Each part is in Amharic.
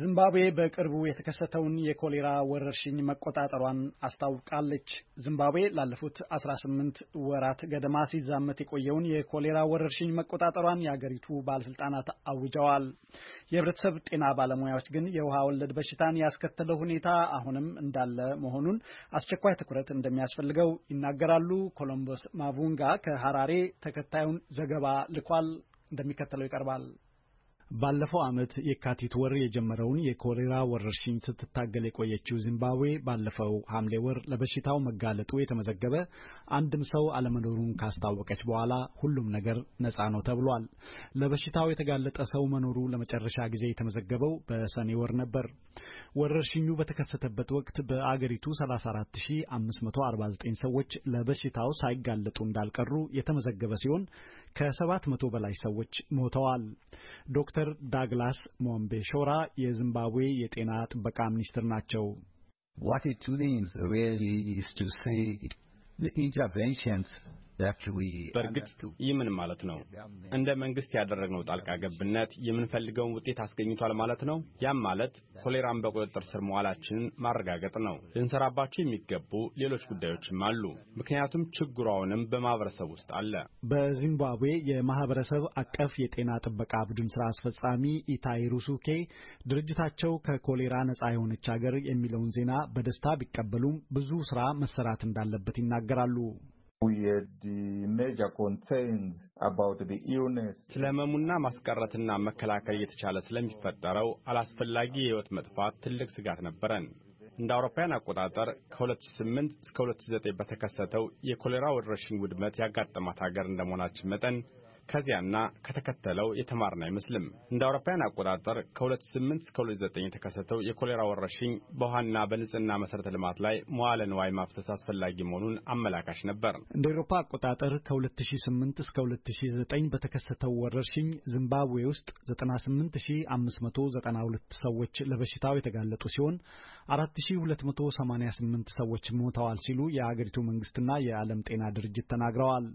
ዚምባብዌ በቅርቡ የተከሰተውን የኮሌራ ወረርሽኝ መቆጣጠሯን አስታውቃለች። ዚምባብዌ ላለፉት 18 ወራት ገደማ ሲዛመት የቆየውን የኮሌራ ወረርሽኝ መቆጣጠሯን የአገሪቱ ባለስልጣናት አውጀዋል። የህብረተሰብ ጤና ባለሙያዎች ግን የውሃ ወለድ በሽታን ያስከተለው ሁኔታ አሁንም እንዳለ መሆኑን፣ አስቸኳይ ትኩረት እንደሚያስፈልገው ይናገራሉ። ኮሎምበስ ማቡንጋ ከሀራሬ ተከታዩን ዘገባ ልኳል፣ እንደሚከተለው ይቀርባል። ባለፈው ዓመት የካቲት ወር የጀመረውን የኮሌራ ወረርሽኝ ስትታገል የቆየችው ዚምባብዌ ባለፈው ሐምሌ ወር ለበሽታው መጋለጡ የተመዘገበ አንድም ሰው አለመኖሩን ካስታወቀች በኋላ ሁሉም ነገር ነፃ ነው ተብሏል። ለበሽታው የተጋለጠ ሰው መኖሩ ለመጨረሻ ጊዜ የተመዘገበው በሰኔ ወር ነበር። ወረርሽኙ በተከሰተበት ወቅት በአገሪቱ 34549 ሰዎች ለበሽታው ሳይጋለጡ እንዳልቀሩ የተመዘገበ ሲሆን ከሰባት መቶ በላይ ሰዎች ሞተዋል። ዶክተር ዳግላስ ሾራ የዚምባብዌ የጤና ጥበቃ ሚኒስትር ናቸው። What it means really is to say the interventions በእርግጥ ይህ ምን ማለት ነው? እንደ መንግሥት ያደረግነው ጣልቃ ገብነት የምንፈልገውን ውጤት አስገኝቷል ማለት ነው። ያም ማለት ኮሌራን በቁጥጥር ስር መዋላችንን ማረጋገጥ ነው። ልንሰራባቸው የሚገቡ ሌሎች ጉዳዮችም አሉ። ምክንያቱም ችግሯውንም በማህበረሰብ ውስጥ አለ። በዚምባብዌ የማህበረሰብ አቀፍ የጤና ጥበቃ ቡድን ስራ አስፈጻሚ ኢታይ ሩሱኬ ድርጅታቸው ከኮሌራ ነጻ የሆነች ሀገር የሚለውን ዜና በደስታ ቢቀበሉም ብዙ ስራ መሰራት እንዳለበት ይናገራሉ። ስለመሙና ማስቀረትና መከላከል እየተቻለ ስለሚፈጠረው አላስፈላጊ የህይወት መጥፋት ትልቅ ስጋት ነበረን። እንደ አውሮፓውያን አቆጣጠር ከ2008 እስከ 2009 በተከሰተው የኮሌራ ወረርሽኝ ውድመት ያጋጠማት ሀገር እንደመሆናችን መጠን ከዚያና ከተከተለው የተማርን አይመስልም። እንደ አውሮፓውያን አቆጣጠር ከ2008 እስከ 2009 የተከሰተው የኮሌራ ወረርሽኝ በውሃና በንጽህና መሠረተ ልማት ላይ መዋለ ንዋይ ማፍሰስ አስፈላጊ መሆኑን አመላካሽ ነበር። እንደ አውሮፓ አቆጣጠር ከ2008 እስከ 2009 በተከሰተው ወረርሽኝ ዚምባብዌ ውስጥ 98592 ሰዎች ለበሽታው የተጋለጡ ሲሆን 4288 ሰዎች ሞተዋል ሲሉ የአገሪቱ መንግስትና የዓለም ጤና ድርጅት ተናግረዋል።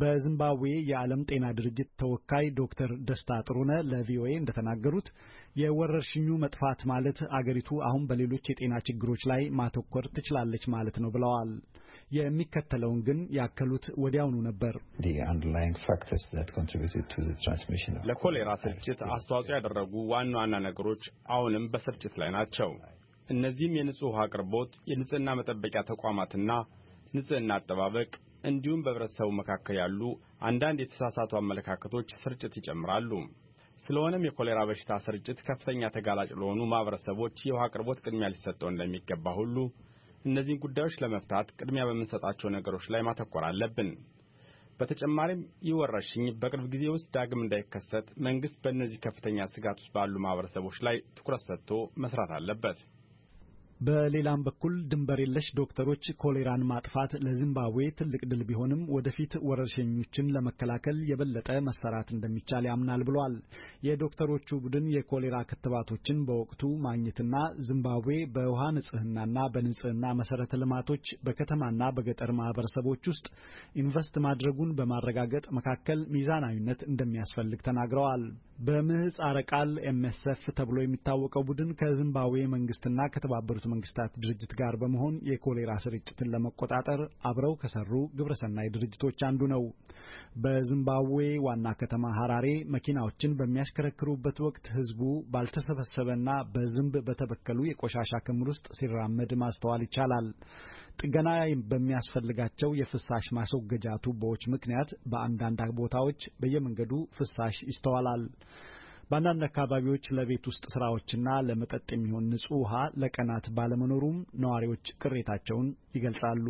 በዚምባብዌ የዓለም ጤና ድርጅት ተወካይ ዶክተር ደስታ ጥሩነ ለቪኦኤ እንደተናገሩት የወረርሽኙ መጥፋት ማለት አገሪቱ አሁን በሌሎች የጤና ችግሮች ላይ ማተኮር ትችላለች ማለት ነው ብለዋል። የሚከተለውን ግን ያከሉት ወዲያውኑ ነበር። ለኮሌራ ስርጭት አስተዋጽኦ ያደረጉ ዋና ዋና ነገሮች አሁንም በስርጭት ላይ ናቸው። እነዚህም የንጹህ ውሃ አቅርቦት፣ የንጽህና መጠበቂያ ተቋማትና ንጽህና አጠባበቅ እንዲሁም በኅብረተሰቡ መካከል ያሉ አንዳንድ የተሳሳቱ አመለካከቶች ስርጭት ይጨምራሉ። ስለሆነም የኮሌራ በሽታ ስርጭት ከፍተኛ ተጋላጭ ለሆኑ ማኅበረሰቦች የውሃ አቅርቦት ቅድሚያ ሊሰጠው እንደሚገባ ሁሉ እነዚህን ጉዳዮች ለመፍታት ቅድሚያ በምንሰጣቸው ነገሮች ላይ ማተኮር አለብን። በተጨማሪም ይህ ወረርሽኝ በቅርብ ጊዜ ውስጥ ዳግም እንዳይከሰት መንግሥት በእነዚህ ከፍተኛ ስጋት ውስጥ ባሉ ማኅበረሰቦች ላይ ትኩረት ሰጥቶ መሥራት አለበት። በሌላም በኩል ድንበር የለሽ ዶክተሮች ኮሌራን ማጥፋት ለዚምባብዌ ትልቅ ድል ቢሆንም ወደፊት ወረርሸኞችን ለመከላከል የበለጠ መሰራት እንደሚቻል ያምናል ብሏል። የዶክተሮቹ ቡድን የኮሌራ ክትባቶችን በወቅቱ ማግኘትና ዚምባብዌ በውሃ ንጽህናና በንጽህና መሰረተ ልማቶች በከተማና በገጠር ማህበረሰቦች ውስጥ ኢንቨስት ማድረጉን በማረጋገጥ መካከል ሚዛናዊነት እንደሚያስፈልግ ተናግረዋል። በምህጻረ ቃል ኤምኤስኤፍ ተብሎ የሚታወቀው ቡድን ከዚምባብዌ መንግስትና ከተባበሩት መንግስታት ድርጅት ጋር በመሆን የኮሌራ ስርጭትን ለመቆጣጠር አብረው ከሰሩ ግብረሰናይ ድርጅቶች አንዱ ነው። በዚምባብዌ ዋና ከተማ ሀራሬ መኪናዎችን በሚያሽከረክሩበት ወቅት ህዝቡ ባልተሰበሰበና በዝንብ በተበከሉ የቆሻሻ ክምር ውስጥ ሲራመድ ማስተዋል ይቻላል። ጥገና በሚያስፈልጋቸው የፍሳሽ ማስወገጃ ቱቦዎች ምክንያት በአንዳንድ ቦታዎች በየመንገዱ ፍሳሽ ይስተዋላል። በአንዳንድ አካባቢዎች ለቤት ውስጥ ስራዎችና ለመጠጥ የሚሆን ንጹህ ውሃ ለቀናት ባለመኖሩም ነዋሪዎች ቅሬታቸውን ይገልጻሉ።